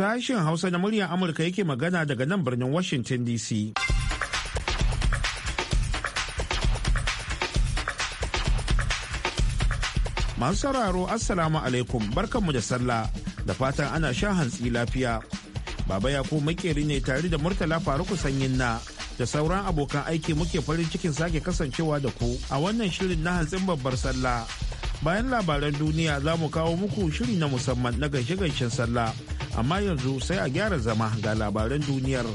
Sashen Hausa na muryar Amurka yake magana daga nan birnin Washington DC. Masu sauraro Assalamu alaikum barkanmu da sallah da fatan ana shan hantsi lafiya. Baba ya Yakubu makeri ne tare da Murtala Faruku Sanyin na da sauran abokan aiki muke farin cikin sake kasancewa da ku a wannan shirin na hantsin babbar sallah. Bayan labaran duniya za mu kawo muku shiri na musamman na gaishe-gaishen sallah. amma yanzu sai a gyara zama ga labaran duniyar.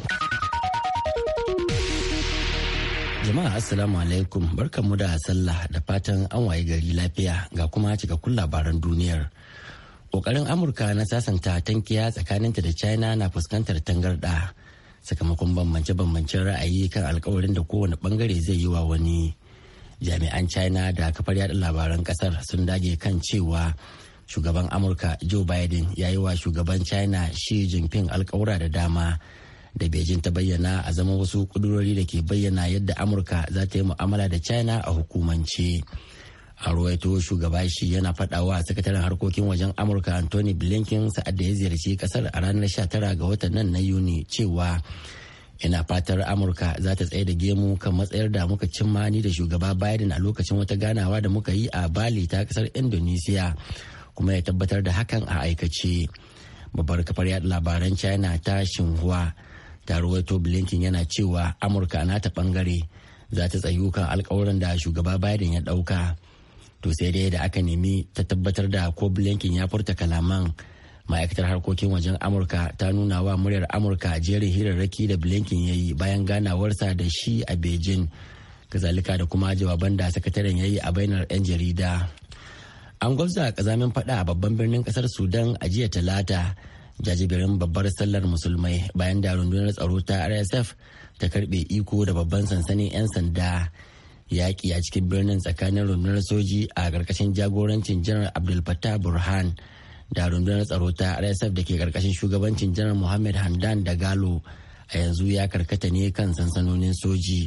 Jama'a Assalamu alaikum barkanmu da sallah da fatan an waye gari lafiya ga kuma cikakkun labaran duniyar. Kokarin Amurka na sasanta tankiya tsakaninta da China na fuskantar tangarda sakamakon bambance-bambancen ra'ayi kan alkawarin da kowane bangare zai yi wa wani. Jami'an China da kafar yada labaran kasar sun dage kan cewa shugaban amurka joe biden ya yi wa shugaban china shi jinping alkawura da dama da beijing ta bayyana a zama wasu kudurori da ke bayyana yadda amurka za ta yi mu'amala da china a hukumance a ruwaito shugaba shi yana fadawa a sakataren harkokin wajen amurka anthony blinken sa'ad da ya ziyarci kasar a ranar 19 ga watan nan na yuni cewa ina fatar amurka za ta tsaye da gemu kan matsayar da muka cimma ni da shugaba biden a lokacin wata ganawa da muka yi a bali ta kasar indonesia kuma ya tabbatar da hakan a aikace babbar kafar yada labaran china ta shinhua ta ruwaito blinken yana cewa amurka na ta bangare za ta tsayu kan alkawuran da shugaba biden ya dauka to sai dai da aka nemi ta tabbatar da ko blinken ya furta kalaman ma'aikatar harkokin wajen amurka ta nuna wa muryar amurka jerin hirarraki da blinken ya yi bayan ganawarsa da shi a beijing kazalika da kuma jawaban da sakataren ya yi a bainar 'yan jarida an gwamza a kazamin fada a babban birnin kasar sudan a jiya talata jajibirin babbar sallar musulmai bayan da rundunar tsaro ta rsf ta karbe iko da babban sansanin 'yan sanda yaƙi a cikin birnin tsakanin rundunar soji a karkashin jagorancin janar abdul burhan da rundunar tsaro ta rsf da ke karkashin shugabancin janar muhammad hamdan da galo a yanzu ya karkata ne kan sansanonin soji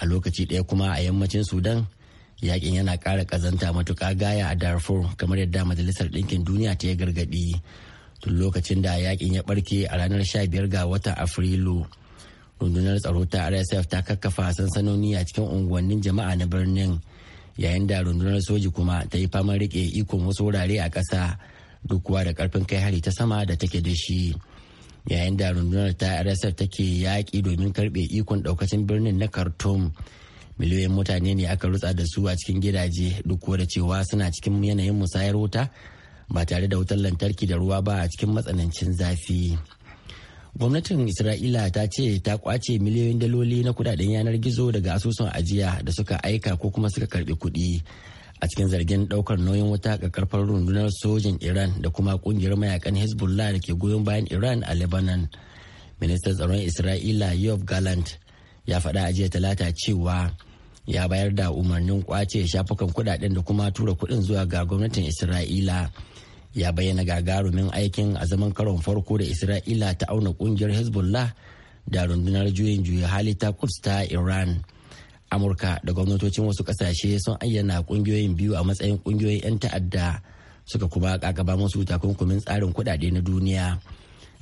a lokaci ɗaya kuma a yammacin sudan yakin yana ƙara ƙazanta matuƙa gaya a darfur kamar yadda majalisar ɗinkin duniya ta yi gargaɗi tun lokacin da yakin ya ɓarke a ranar 15 ga watan afrilu rundunar tsaro ta rsf ta kakkafa sansanoni a cikin unguwannin jama'a na birnin yayin da rundunar soji kuma ta yi faman rike ikon wasu wurare a ƙasa duk kuwa da ƙarfin kai hari ta sama da take da shi yayin da rundunar ta rsf take yaƙi domin karɓe ikon ɗaukacin birnin na khartoum miliyoyin mutane ne aka rutsa da su a cikin gidaje duk da cewa suna cikin yanayin musayar wuta ba tare da wutar lantarki da ruwa ba a cikin matsanancin zafi gwamnatin isra'ila ta ce ta kwace miliyoyin daloli na kudaden yanar gizo daga asusun ajiya da suka aika ko kuma suka karbi kuɗi a cikin zargin daukar nauyin wuta ga karfar rundunar sojin iran da kuma kungiyar mayakan hezbollah da ke goyon bayan iran a lebanon ministan tsaron isra'ila yob galant ya faɗa a jiya talata cewa ya bayar da umarnin kwace shafukan kudaden da kuma tura kudin zuwa ga gwamnatin isra'ila ya bayyana gagarumin aikin a zaman karon farko da isra'ila ta auna kungiyar hezbollah da rundunar juyin juya hali ta kuds ta iran amurka da gwamnatocin wasu kasashe sun ayyana kungiyoyin biyu a matsayin kungiyoyin 'yan ta'adda suka kuma kakaba musu takunkumin tsarin kudade na duniya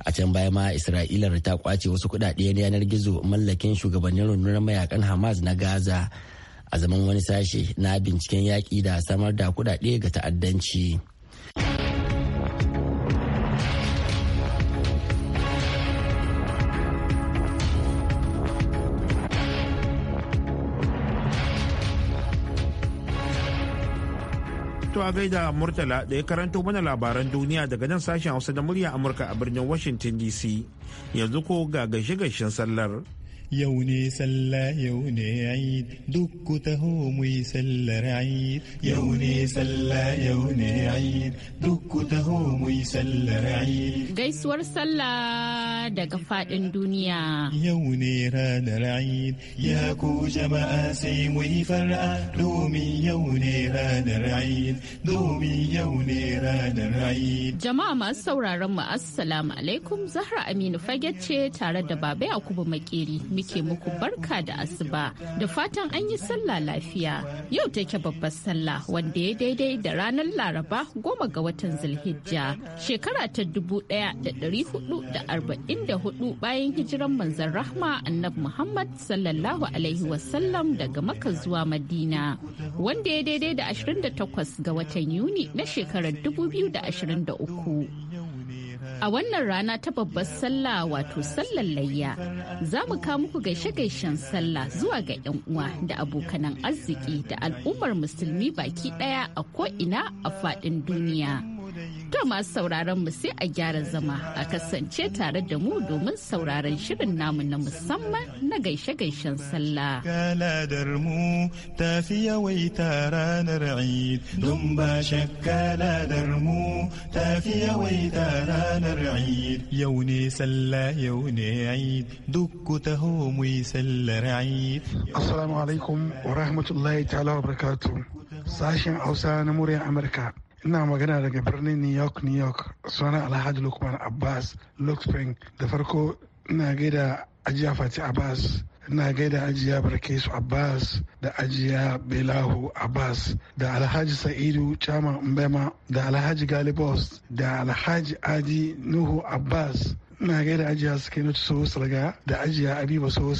a can baya ma isra'ila ta kwace wasu kudade na yanar gizo mallakin shugabannin rundunar mayakan hamas na gaza a zaman wani sashe na binciken yaƙi da samar da kudade ga ta'addanci. To a gaida Murtala da ya karanto mana labaran duniya daga nan sashen Hausa da murya Amurka a birnin Washington DC. Yanzu ko ga gaishe-gaishen sallar. yau ne sallah yau ne aid duk ku taho mu yi sallar aid yau ne sallah yau ne aid duk ku taho mu yi sallar aid gaisuwar sallah daga fadin duniya yau ne ranar aid ya ku jama'a sai mu yi far'a domin yau ne ranar aid domin yau ne ranar aid jama'a masu sauraron mu assalamu alaikum zahra aminu fage ce tare da Babai yakubu makeri muke muku barka da asuba da fatan an yi sallah lafiya yau take babbar sallah wanda ya daidai da ranar laraba goma ga watan zulhijja shekara ta dubu daya da dari hudu da arba'in da hudu bayan hijiran manzon rahma annabi muhammad sallallahu alaihi wasallam daga maka zuwa madina wanda ya daidai da takwas ga watan yuni na shekarar dubu biyu da da ashirin uku. A wannan rana ta babbar sallah wato sallar layya za mu kawo muku gaishe-gaishen sallah zuwa ga 'yan uwa da abokanan arziki da al'ummar musulmi baki ɗaya a ko'ina a faɗin duniya. To masu sauraron mu sai a gyara zama a kasance tare da mu domin sauraron shirin namu na musamman na gaishe-gaishen sallah. Kaladar mu ta fi yawaita ranar Eid, don ba shakka mu ta fi yawaita ranar Eid. Yau ne sallah yau ne Eid, duk ku taho mu yi sallar Eid. Assalamu alaikum wa rahmatullahi ta'ala wa barakatuh. Sashen Hausa na muryar Amurka. ina magana daga birnin new york new york suna alhaji lukman abbas lukspring da farko ina gaida ajiya Fati abbas ina gaida ajiya barkesu abbas da ajiya belahu abbas da alhaji sa'idu chama mbema da alhaji galibos da alhaji adi nuhu abbas ina gaida ajiya suke nutu da ajiya abiba soho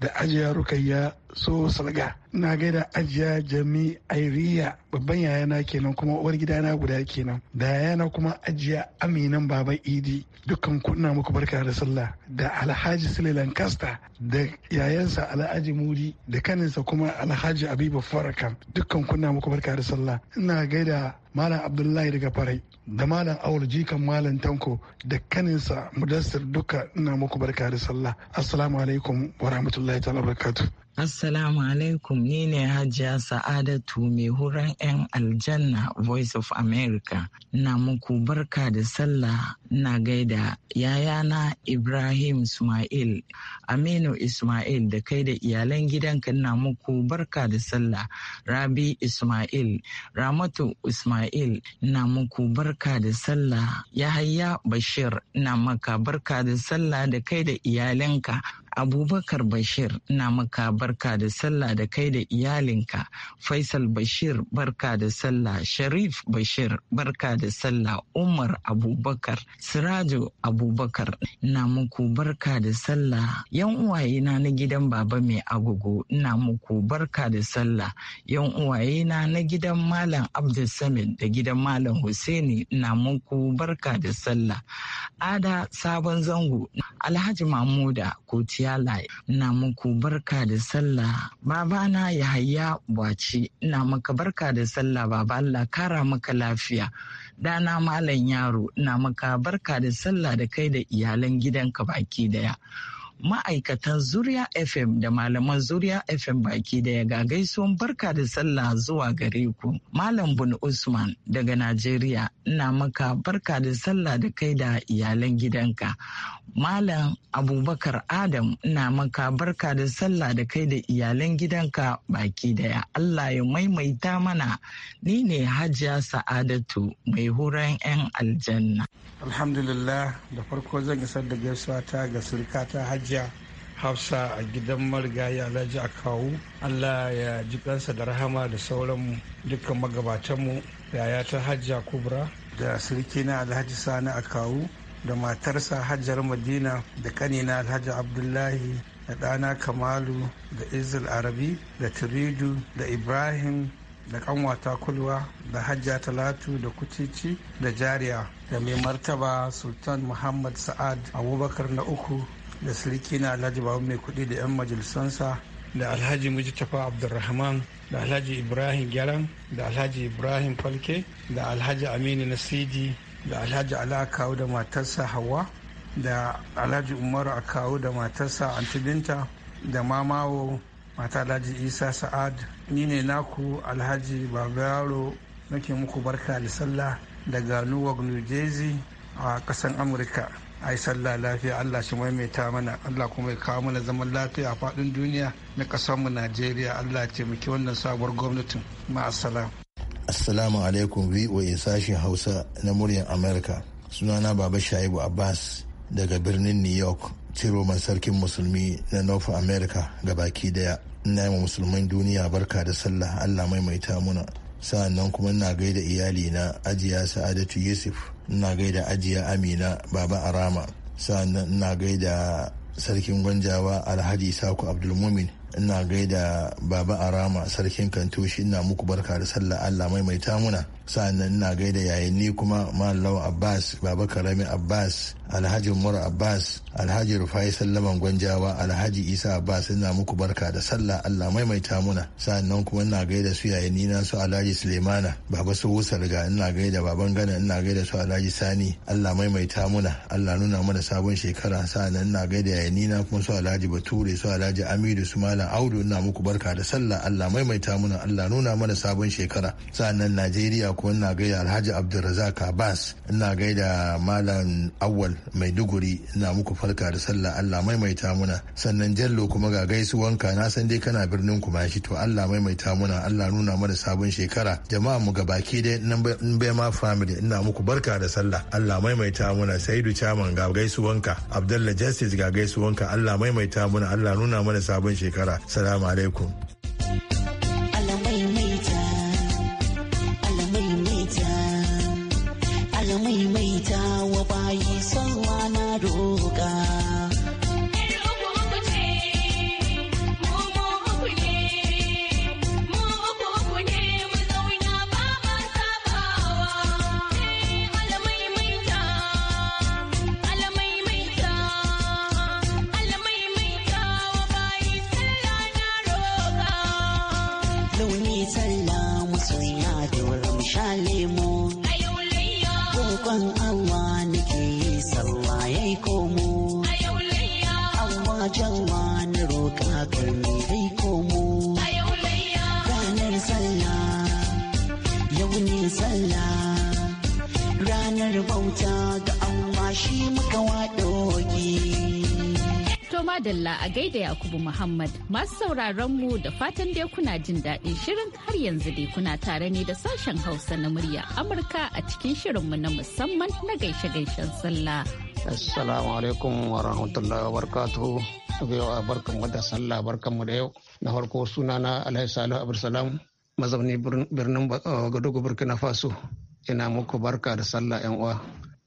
da ajiya rukayya so salga na gaida ajiya jami airiya babban yayana kenan kuma uwar gidana guda kenan da yayana kuma ajiya aminan baba idi dukkan kunna muku barka da sallah da alhaji sule lancaster da yayansa alhaji muri da kaninsa kuma alhaji abiba faraka dukkan kunna muku barka da sallah ina gaida malam abdullahi daga farai da malam awul jikan malam tanko da kaninsa mudassir duka ina muku barka da sallah assalamu alaikum wa rahmatullahi ta'ala barakatuh Assalamu alaikum ni ne Hajiya Sa'adatu mai huran 'yan aljanna Voice of America. Na muku barka da sallah na gaida yayana Ibrahim Ismail, Aminu Ismail da kai da iyalan gidanka na muku barka da sallah Rabi Ismail, Ramatu Ismail na muku barka da sallah Yahaya Bashir na maka barka da sallah da kai da iyalanka Abubakar Bashir na maka barka da sallah da kai da iyalinka. Faisal Bashir barka da sallah. Sharif Bashir barka da sallah. Umar Abubakar. Sirajo Abubakar na muku barka da sallah. Yan uwayena na gidan baba mai agogo na muku barka da sallah. Yan uwayena na gidan Malam Abdulsamid da gidan Malam Hussaini na muku barka da sallah. Ada sabon zango Alhaji mahmuda Kotiya yala Ina muku barka da sallah. Babana Yahaya Bwaci, ina maka barka da sallah baba Allah kara maka lafiya. Dana Malam Yaro, ina maka barka da sallah da kai da iyalan gidanka baki daya. ma'aikatan Zuriya FM da malaman Zuriya FM baki daya ga gaisuwan barka da sallah zuwa gare ku. Malam Bun Usman daga Najeriya ina maka barka da sallah da kai da iyalan gidanka. Malam Abubakar Adam ina maka barka da sallah da kai da iyalan gidanka baki daya. Allah ya maimaita mana ni ne Hajiya Sa'adatu mai huren 'yan aljanna. Alhamdulillah da farko zan isar da gaisuwa ta ga surka ta hajji hajiya hafsa a gidan marigayi alhaji akawu allah ya ji kansa da rahama da sauran dukkan magabatanmu yaya ta hajji kubra da na alhaji sani akawu da matarsa hajjar madina da kanina alhaji abdullahi da ɗana kamalu da izil arabi da turidu da ibrahim da kanwata kulwa da hajja talatu da kucici da jariya da mai martaba sultan muhammad sa'ad abubakar na uku da sarki na alhaji babu mai kuɗi da 'yan majalisansa da alhaji mujtafa abdulrahman da alhaji ibrahim gyaran da alhaji ibrahim falke da alhaji aminu nasidi da alhaji ala kawo da matarsa hawa da alhaji umaru a kawo da matarsa antibinta da mamawo mata alhaji isa sa'ad ni ne naku alhaji babaro nake muku barka da sallah daga newark new jersey a kasan amurka a sallah lafiya allah shi maimaita mana allah kuma ya kawo mana zaman lafiya a faɗin duniya na mu najeriya allah ya taimaki wannan sabuwar gwamnatin ma'asala assalamu alaikum voa sashen hausa na muryar suna sunana baba shaibu abbas daga birnin new york ciroman sarkin musulmi na north america baki daya ina yi musulmin duniya barka da sallah allah maimaita muna sa'annan kuma ina gaida iyali na ajiya sa'adatu yusuf ina gaida ajiya amina baba arama sannan ina gaida sarkin gwanjawa alhaji saku abdulmumin ina gaida baba arama sarkin kantoshi ina muku barka da sallah allah maimaita muna sa'annan ina gaida yayanni kuma mallam abbas baba karami abbas alhaji umar abbas alhaji rufai sallaman gwanjawa alhaji isa abbas ina muku barka da sallah allah maimaita muna sa'annan kuma ina gaida su yayanni na su alhaji sulemana baba su riga ina gaida baban gana ina gaida su alhaji sani allah maimaita muna allah nuna mana sabon shekara sa'annan ina gaida yayanni na kuma su alhaji bature su alhaji amidu su malam malam audu ina muku barka da sallah allah maimaita muna allah nuna mana sabon shekara sa'annan najeriya ko ina gaida alhaji abdulrazak abbas ina gaida malam awal maiduguri ina muku farka da sallah allah maimaita muna sannan jallo kuma ga gaisuwanka na san dai kana birnin shi to allah maimaita muna allah nuna mana sabon shekara jama'a mu gabaki dai in bai ma family ina muku barka da sallah allah maimaita muna saidu chaman ga gaisuwanka abdullah justice ga gaisuwanka allah maimaita muna allah nuna mana sabon shekara salamu alaikum kogi. Toma Dalla a gaida Yakubu Muhammad masu sauraron mu da fatan dai kuna jin daɗin shirin har yanzu dai kuna tare ne da sashen Hausa na murya Amurka a cikin shirinmu na musamman na gaishe-gaishen sallah. Assalamu alaikum wa rahmatullahi wa barakatuhu. Yau barkan mu da sallah barkan mu da yau. Na farko sunana Alhaji Salihu Abdulsalam mazauni birnin uh, Gadogo Burkina Faso. Ina muku barka da sallah yan uwa.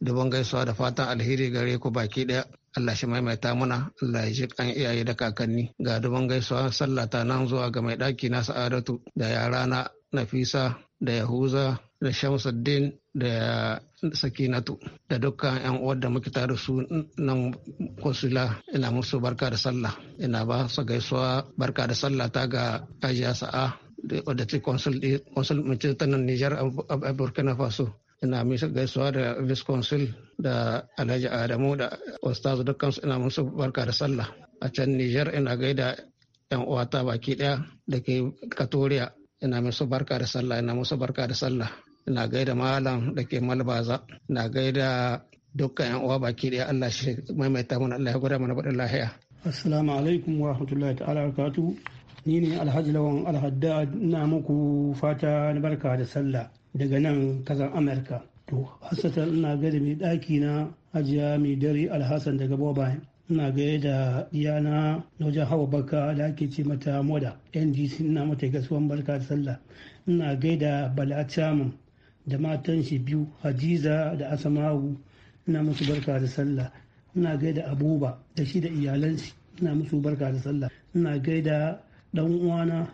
Duban gaisuwa da fatan alheri gare ku baki ɗaya. Allah shi maimaita mana. Allah ya ji kan iyaye da kakanni. Ga duban gaisuwa sallah ta nan zuwa ga mai ɗaki na sa'adatu da yara na Nafisa da Yahuza da Shamsuddin da Sakinatu da dukkan 'yan uwar da muke tare su nan konsula ina musu barka da sallah ina ba su gaisuwa barka da sallah ta ga ajiya sa'a da ta konsul mace ta nan Nijar a Burkina Faso ina misa gaisuwa da visconsil da alhaji adamu da ostaz dukkansu ina musu barka da sallah a can niger ina gaida yan uwata baki daya da ke katoriya ina musu barka da sallah ina musu barka da sallah ina gaida malam da ke malbaza ina gaida dukkan yan uwa baki daya allah shi maimaita mana allah ya gwada mana baɗin lahiya assalamu alaikum wa rahmatullahi ta'ala barakatuhu ni ne alhaji lawan alhaddad ina muku fata na barka da sallah daga nan kasar amurka to hasatan ina gada mai ɗaki na hajiya mai dare alhassan daga mobile ina gaya da iyana na wajen hawa baka da ake ce mata moda ndc ina mata gasuwan barka da sallah ina gaya da bala chaman da matan shi biyu hajiza da asamawu ina musu barka da sallah ina gaida abuba da shi da iyalansi ina musu barka da sallah ina gaida dan uwana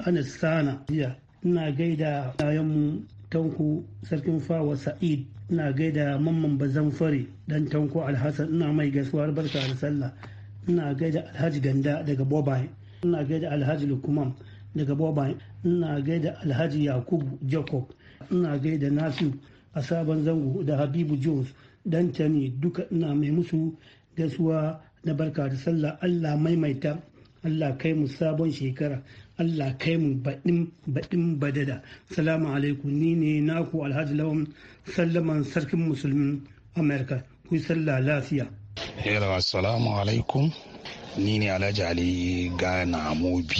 anas sana jiya ina gaida yayanmu tanko sarkin fawa sa'id ina gaida mamman bazan fare dan tanko alhassan ina mai gaisuwar barka da sallah ina gaida alhaji ganda daga bobai ina gaida alhaji lukuman daga bobai ina gaida alhaji yakubu jacob ina gaida nasu a sabon zango da habibu jones dan tani duka ina mai musu gaisuwa na barka da sallah allah maimaita allah kai mu sabon shekara Allah kai mu baɗin baɗin badada. Salamu alaikum ni ne naku alhaji lawan sallaman sarkin musulmin Amerika. Ku sallah lafiya. Hello, assalamu alaikum. Ni ne Alhaji Ali Gana Mobi.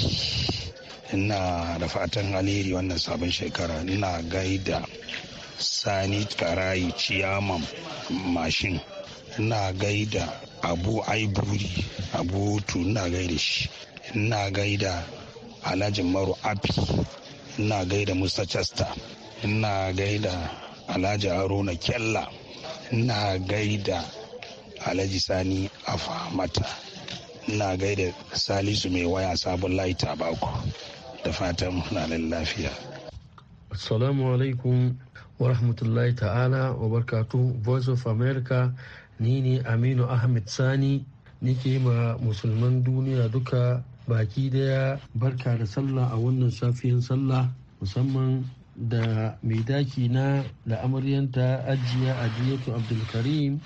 Ina da fatan alheri wannan sabon shekara. Ina gaida Sani Karayi Ciyaman Mashin. Ina gaida Abu Aiburi, Abu Tu ina gaida shi. Ina gaida alhaji maru api ina gaida musa chester ina gaida alhaji haruna kyalla ina gaida alhaji sani afamata ina gaida salisu mai waya sabon layi baku da fatan nan lafiya assalamu alaikum wa rahmatullahi ta'ala wa barkatu voice of america ni ne aminu ahmed sani nike ma musulman duniya duka baki daya barka da sallah a wannan safiyan sallah musamman da mai daki na da amaryanta ajiya ajiyatu abdulkarim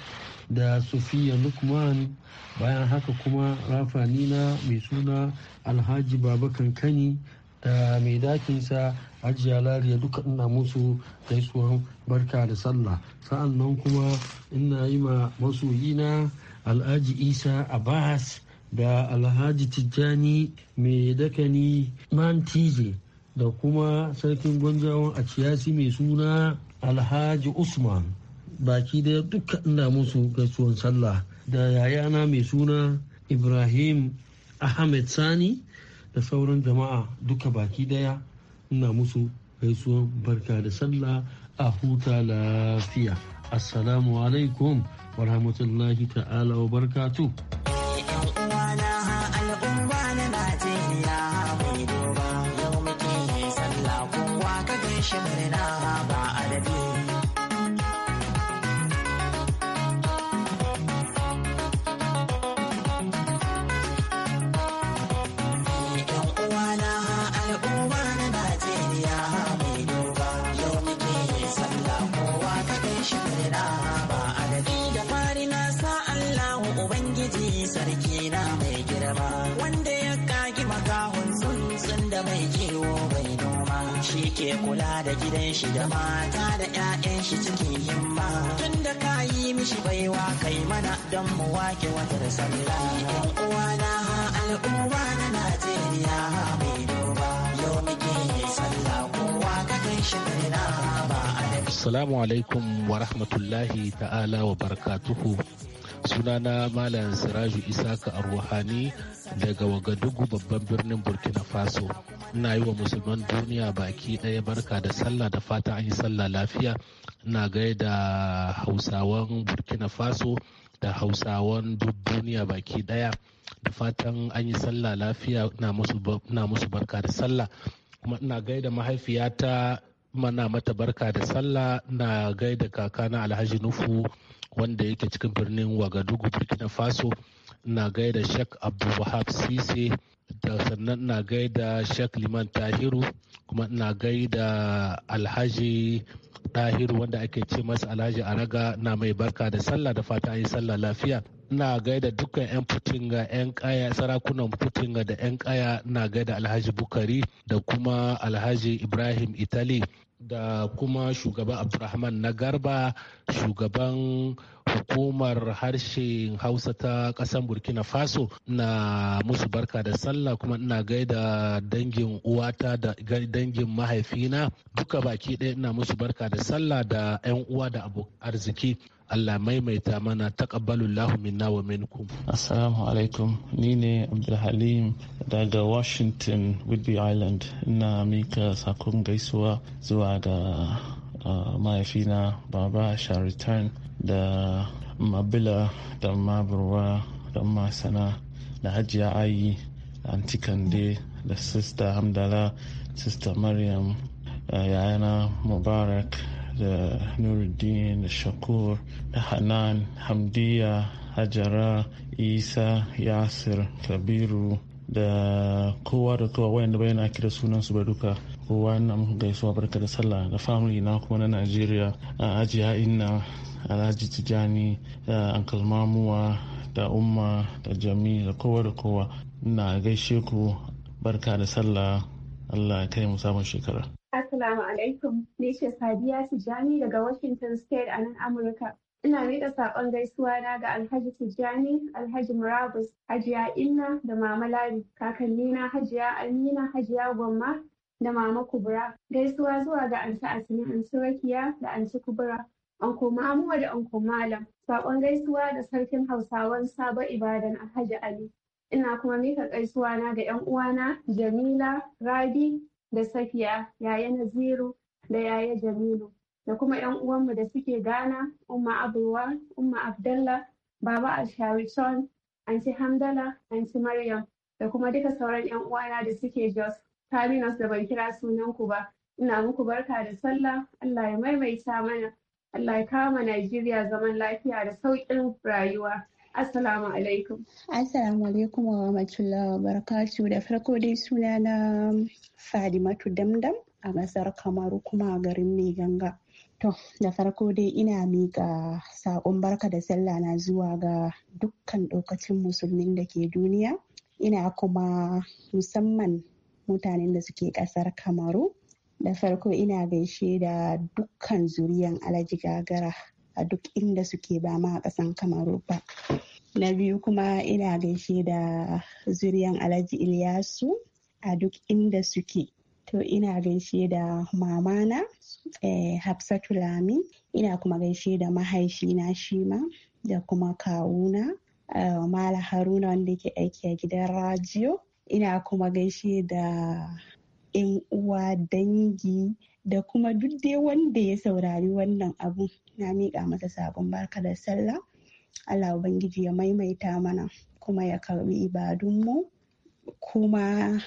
da sufiya lukman bayan haka kuma rafani na mai suna alhaji baba kankani da mai dakinsa ajiya lariya duka ina musu gaisuwan barka da sallah sa'an nan kuma ina yi ma masoyina alhaji isa abbas da alhaji tijjani mai dakani mantije da kuma sarkin gwanjawan a ciyasi mai suna alhaji usman baki da duka ina musu gaisuwan sallah da yayana mai suna ibrahim ahmed sani da sauran jama'a duka baki daya ina musu gaisuwan barka da sallah a huta lafiya assalamu alaikum wa rahmatullahi ta'ala wa barkatu. yan kula da gidan shi da mata da 'ya'yan shi cikin himma tun da ka yi mishi baiwa kai mana don mu wake watar sallah yan uwa na ha al'umma na Najeriya ha mai doba yau muke sallah kowa ka kai shi na ba Assalamu alaikum wa rahmatullahi ta'ala wa barakatuhu sunana malam siraju isaka arwahani daga wagadugu babban birnin burkina faso ina yi wa musulman duniya baki ɗaya barka da sallah da fata an yi sallah lafiya ina gaida hausawan burkina faso da hausawan duk duniya baki ɗaya da fatan an yi sallah lafiya ina musu barka da sallah kuma ina gaida mahaifiyata mana mata barka da sallah na gaida kakana alhaji nufu wanda yake cikin birnin wagadugu burkina faso na gaida shek abdulwahab sise da sannan na gaida shek liman tahiru kuma na gaida alhaji tahiru wanda ake ce masa alhaji araga na mai barka da sallah da fata yi sallah lafiya na gaida dukkan 'yan putinga 'yan kaya sarakunan putinga da 'yan kaya na gaida alhaji bukari da kuma alhaji ibrahim itali da kuma Shugaban Abdurrahman na Garba shugaban hukumar harshen Hausa ta Kasan Burkina Faso na musu barka da sallah kuma ina gaida dangin uwata da dangin mahaifina duka baki ɗaya ina musu barka da sallah da 'yan uwa da abokan arziki. Allah maimaita mana taqabbalullahu minna wa minkum. Assalamu alaikum ni ne Abdulhalim daga Washington Whidbey Island ina mika sakon gaisuwa zuwa ga ah, mahaifina Baba Sharitan da Mabila da Maburwa da Masana da Hajiya Ayi da Antikande da Sista Hamdala Sista Maryam uh, yayana Mubarak da nuruddin da shakur da hanan hamdiya hajara isa yasir kabiru da kowa da kowa wayanda bayan ake kira sunan su ba duka kowa na muku gaisuwa barka da sallah da family na kuma na najeriya a ajiya inna alhaji tijani da ankal mamuwa da umma da jami da kowa da kowa na gaishe ku barka da sallah allah ya kai mu samun shekara Assalamu alaikum, ni ce Sadiya Tijjani daga Washington State a nan Amurka. Ina miƙa saƙon gaisuwa na ga Alhaji Tijjani, Alhaji Murabus, Hajiya Inna da Mama Lari, kakannina Hajiya Amina, Hajiya Gwamma da Mama Kubura. Gaisuwa zuwa ga Ansa Asini, Ansa Rakiya da Ansa Kubura. Anko Ma'amuwa da Anko Malam. Saƙon gaisuwa da Sarkin Hausawan Sabo Ibadan Alhaji Ali. Ina kuma mika gaisuwa na ga 'yan uwana Jamila, Rabi, da Safiya, yaya Naziru da yaya Jamilu. Da kuma 'yan uwanmu da suke gana, Umma abuwa Umma Abdalla, Baba Alshawiton, Anti Hamdala, Anti Maryam, da kuma duka sauran 'yan uwana da suke Jos. Kaminas da ban kira sunanku ba, ina muku barka da sallah, Allah ya maimaita mana, Allah ya kama Najeriya zaman lafiya da sauƙin rayuwa. Assalamu alaikum. Assalamu alaikum wa rahmatullahi wa barakatu da farko dai suna na Fadimatu Damdam a ƙasar Kamaru kuma a garin Mai Ganga. To, da farko dai ina miƙa saƙon barka da sallah na zuwa ga dukkan ɗaukacin musulmin da ke duniya. Ina kuma musamman mutanen da suke ƙasar Kamaru. Da farko ina gaishe da dukkan zuriyan alaji Gagara a duk inda suke ba ma a ƙasan kamaru ba na biyu kuma ina gaishe da zuriyan alhaji ilyasu a duk inda suke to ina gaishe da mamana eh, hafsatu lami ina kuma gaishe da mahaifina shima da kuma kawuna uh, haruna wanda ke aiki a gidan rajiyo ina kuma gaishe da 'yan uwa dangi da kuma duk dai wanda ya saurari wannan abu na miƙa masa sabon barka da sallah Allah Ubangiji ya maimaita mana kuma ya karbi ibadunmu kuma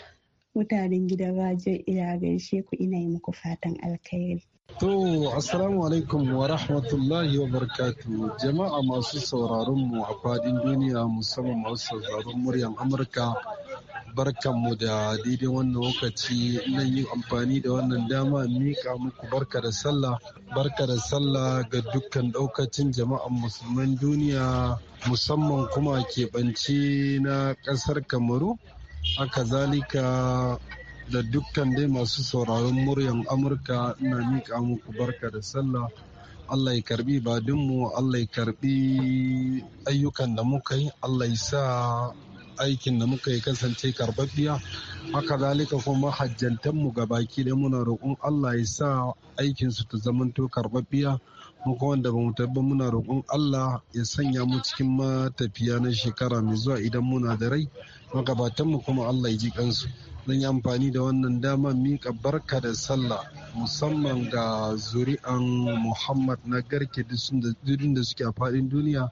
mutanen gidan rajo ina gaishe ku ina yi muku fatan alkhairi. To, Assalamu alaikum wa rahmatullahi wa barkatu jama'a masu sauraron mu a fadin duniya musamman masu sauraron muryan Amurka barkanmu da daidai wannan lokaci nan yin amfani da wannan dama mika muku barka da sallah barka da sallah ga dukkan daukacin jama'an musulman duniya musamman kuma keɓance na ƙasar kamaru haka zalika da dukkan dai masu sauraron muryan amurka ina mika muku barka da sallah Allah ya karbi badinmu Allah ya karbi ayyukan da muka yi Allah ya sa aikin da muka yi kasance karbabbiya haka zalika kuma mu ga baki da muna roƙon allah ya sa aikinsu ta zamanto karbabbiya muka wanda ba mu tabba muna roƙon allah ya sanya mu cikin matafiya na shekara mai zuwa idan muna da rai magabatanmu kuma allah ya ji kansu zan yi amfani da wannan dama miƙa barka da sallah musamman ga zuri'an muhammad na garke da suke a faɗin duniya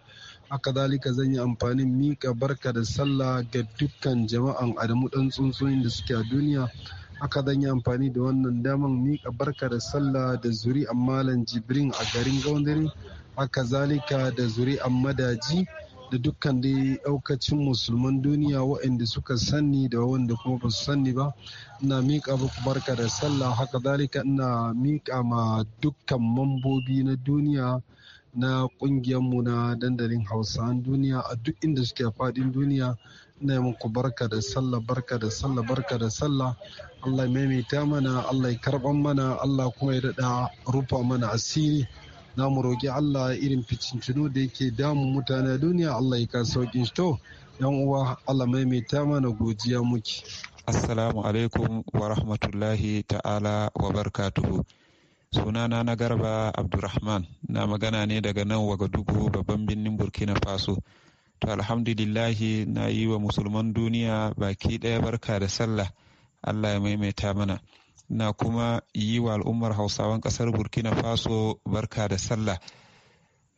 haka dalika zan yi amfani mika barka da sallah ga dukkan jama'an adamu dan tsuntsunin da suke a duniya haka zan yi amfani da wannan daman mika barka da sallah da zuri malam jibrin a garin gaundare haka zalika da zuri madaji da dukkan dai daukacin musulman duniya waɗanda suka sani da wanda kuma ba su sani ba ina miƙa muku barka da sallah haka zalika ina miƙa ma dukkan mambobi na duniya na mu na dandalin Hausa duniya a duk inda suke faɗin duniya ina muku barka da sallah barka da sallah barka da sallah allah maimaita mana allah ya karban mana allah kuma ya daɗa rufa mana asiri na mu roƙi allah irin ficincinu da yake damu mutane duniya allah ya ka sauƙin shi to yan uwa allah maimaita mana godiya muke assalamu alaikum wa rahmatullahi ta'ala wa barkatuhu sunana na garba abdurrahman na magana ne daga nan waga dubu babban birnin burkina faso to alhamdulillahi na yi wa musulman duniya baki ɗaya barka da sallah allah ya maimaita mana na kuma yi wa al'ummar hausawan ƙasar burkina faso barka da sallah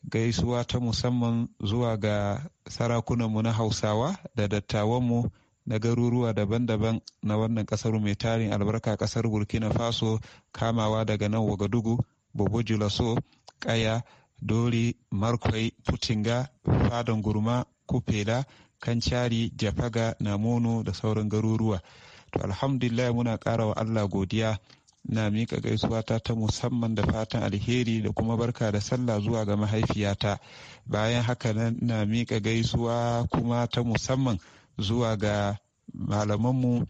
gaisuwa ta musamman zuwa ga sarakunanmu na hausawa da dattawanmu na garuruwa daban-daban na wannan kasar mai tarin albarka kasar burkina faso kamawa daga nan wagadugu bobo julaso kaya dori markwai putinga fadan gurma kufela kancari jafaga namono da sauran garuruwa to alhamdulillah muna ƙara wa allah godiya na miƙa gaisuwata ta musamman da fatan alheri da kuma barka da sallah zuwa ga mahaifiyata bayan haka na miƙa gaisuwa kuma ta musamman zuwa ga malamanmu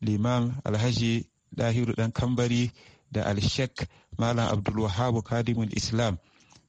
limam alhaji dahiru dan kambari da alshek malam abdulwahabu kadimul islam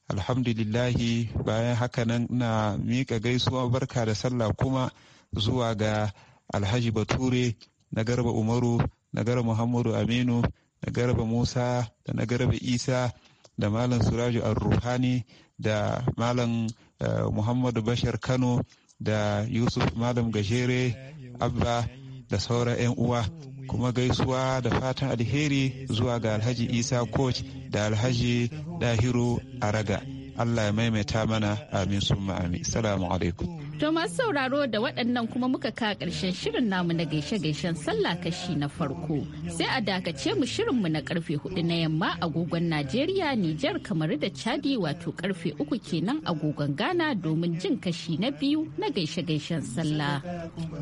alhamdulillahi bayan haka nan na miƙa gaisuwa barka da sallah kuma zuwa ga alhaji bature na garba umaru na garba muhammadu aminu na garba musa da na garba isa da malam suraju al-ruhani da malam eh, muhammadu bashar kano da yusuf malam gajere abba da sauran 'yan uwa kuma gaisuwa da fatan alheri zuwa ga alhaji isa coach da alhaji dahiru araga allah ya maimaita mana amin summa amin salamu alaikum To masu sauraro da waɗannan kuma muka ka ƙarshen shirin namu na gaishe-gaishen sallah kashi na farko. Sai a dakace mu shirinmu na karfe hudu na yamma agogon Najeriya, Nijar, kamar da Chadi wato karfe uku kenan agogon Ghana domin jin kashi na biyu na gaishe-gaishen sallah.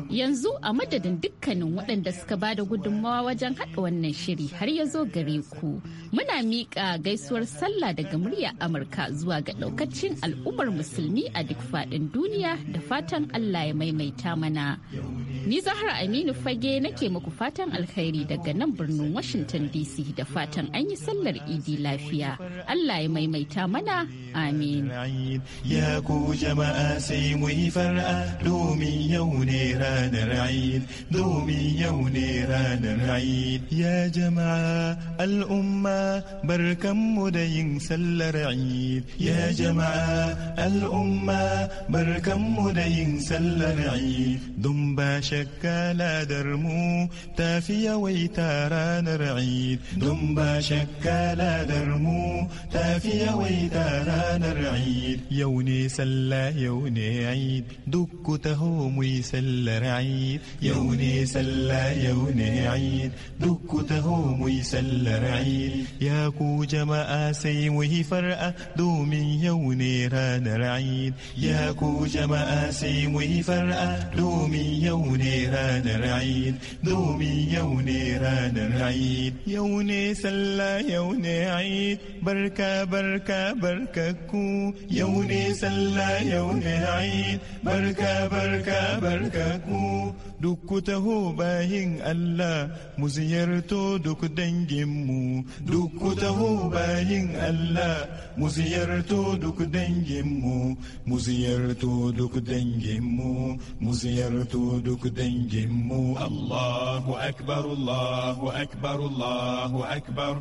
Yanzu a madadin dukkanin waɗanda suka ba da gudunmawa wajen haɗa wannan shiri har ya zo gare ku. Muna miƙa gaisuwar sallah daga murya Amurka zuwa ga ɗaukacin al'ummar musulmi a duk faɗin duniya da fatan Allah ya maimaita mana. Ni Zahra Aminu Fage nake muku fatan alkhairi daga nan birnin Washington DC da fatan an yi sallar idi lafiya. Allah ya maimaita mana amin. Ya ku jama'a sai mu yi far'a domin yau ne ranar Eid, domin yau ne ranar Eid. Ya jama'a al'umma barkanmu da yin sallar Eid. Ya jama'a al'umma barkanmu دين سلنا عيد دمبا شكا لا درمو تافيا ويتارا نرعيد دمبا شكا لا درمو تافيا ويتارا نرعيد يوني سلا يوني عيد دك تهوم يسل رعيد يوني سلا يوني عيد دك تهوم يسل رعيد يا كو جما سيمه فرأ دومي يوني ران رعيد يا كو ما sai mu yi far'a domin yau ne ranar Eid domin yau ne ranar Eid yau ne sallah yau ne Eid barka barka barka ku yau ne sallah yau ne Eid barka barka barka ku duk ku taho bayin Allah muziyarto ziyarto duk danginmu duk ku taho bayin Allah muziyarto duk danginmu mu ziyarto duk danginmu mu ziyarto duk danginmu Allahu akbar Allahu akbar Allahu akbar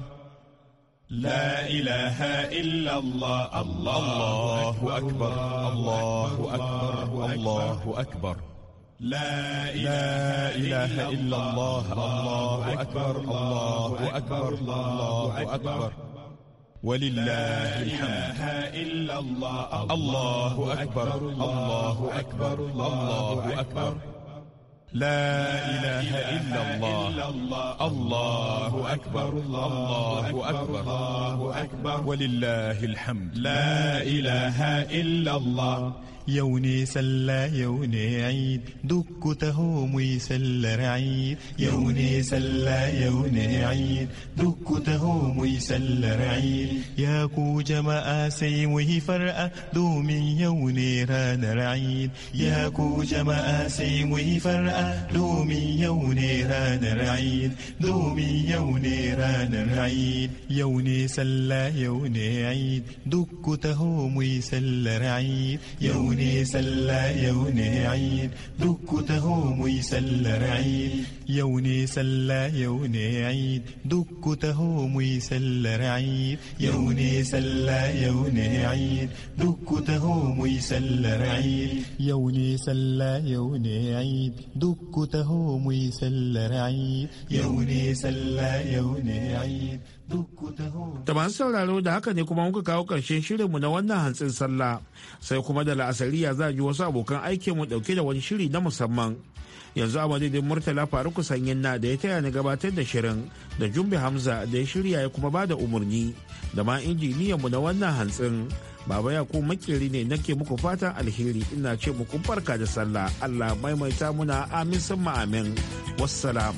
لا إله إلا الله الله أكبر الله أكبر الله أكبر الله أكبر, الله أكبر لا إله, إله إلا الله الله أكبر الله أكبر الله أكبر ولله الحمد إلا الله الله أكبر الله أكبر الله أكبر لا إله إلا الله الله أكبر الله أكبر الله أكبر ولله الحمد لا إله إلا الله يوني سلا يوني عيد دك تهوم يسل رعيد يوني سلا يوني عيد دك تهوم يسل رعيد يا كو جما سيمه فرأة دوم يوني ران رعيد يا كو جما سيمه فرأة دوم يوني ران رعيد دوم يوني ران رعيد يوني سلا يوني عيد دك تهوم يسل رعيد يوني يوني سلا يوني عين دكته تهوم سلا رعيل yau ne sallah yau ne eid duk ku taho muyi sallar eid yau ne sallah yau ne eid duk ku taho muyi sallar eid yau ne sallah yau ne eid duk ku taho muyi sallar eid yau ne sallah yau ne eid Da masu sauraro da haka ne kuma muka kawo ƙarshen shirinmu na wannan hantsin sallah sai kuma da la'asariya za a ji wasu abokan aikinmu ɗauke da wani shiri na musamman. yanzu a madadin murtala faruku sanyin na da ya taya ni gabatar da shirin da jumbe hamza da ya shirya ya kuma bada umarni da ma injiniyan mu na wannan hantsin baba ya ko makeri ne nake muku fatan alheri ina ce muku barka da sallah allah maimaita muna amin sun amin wassalam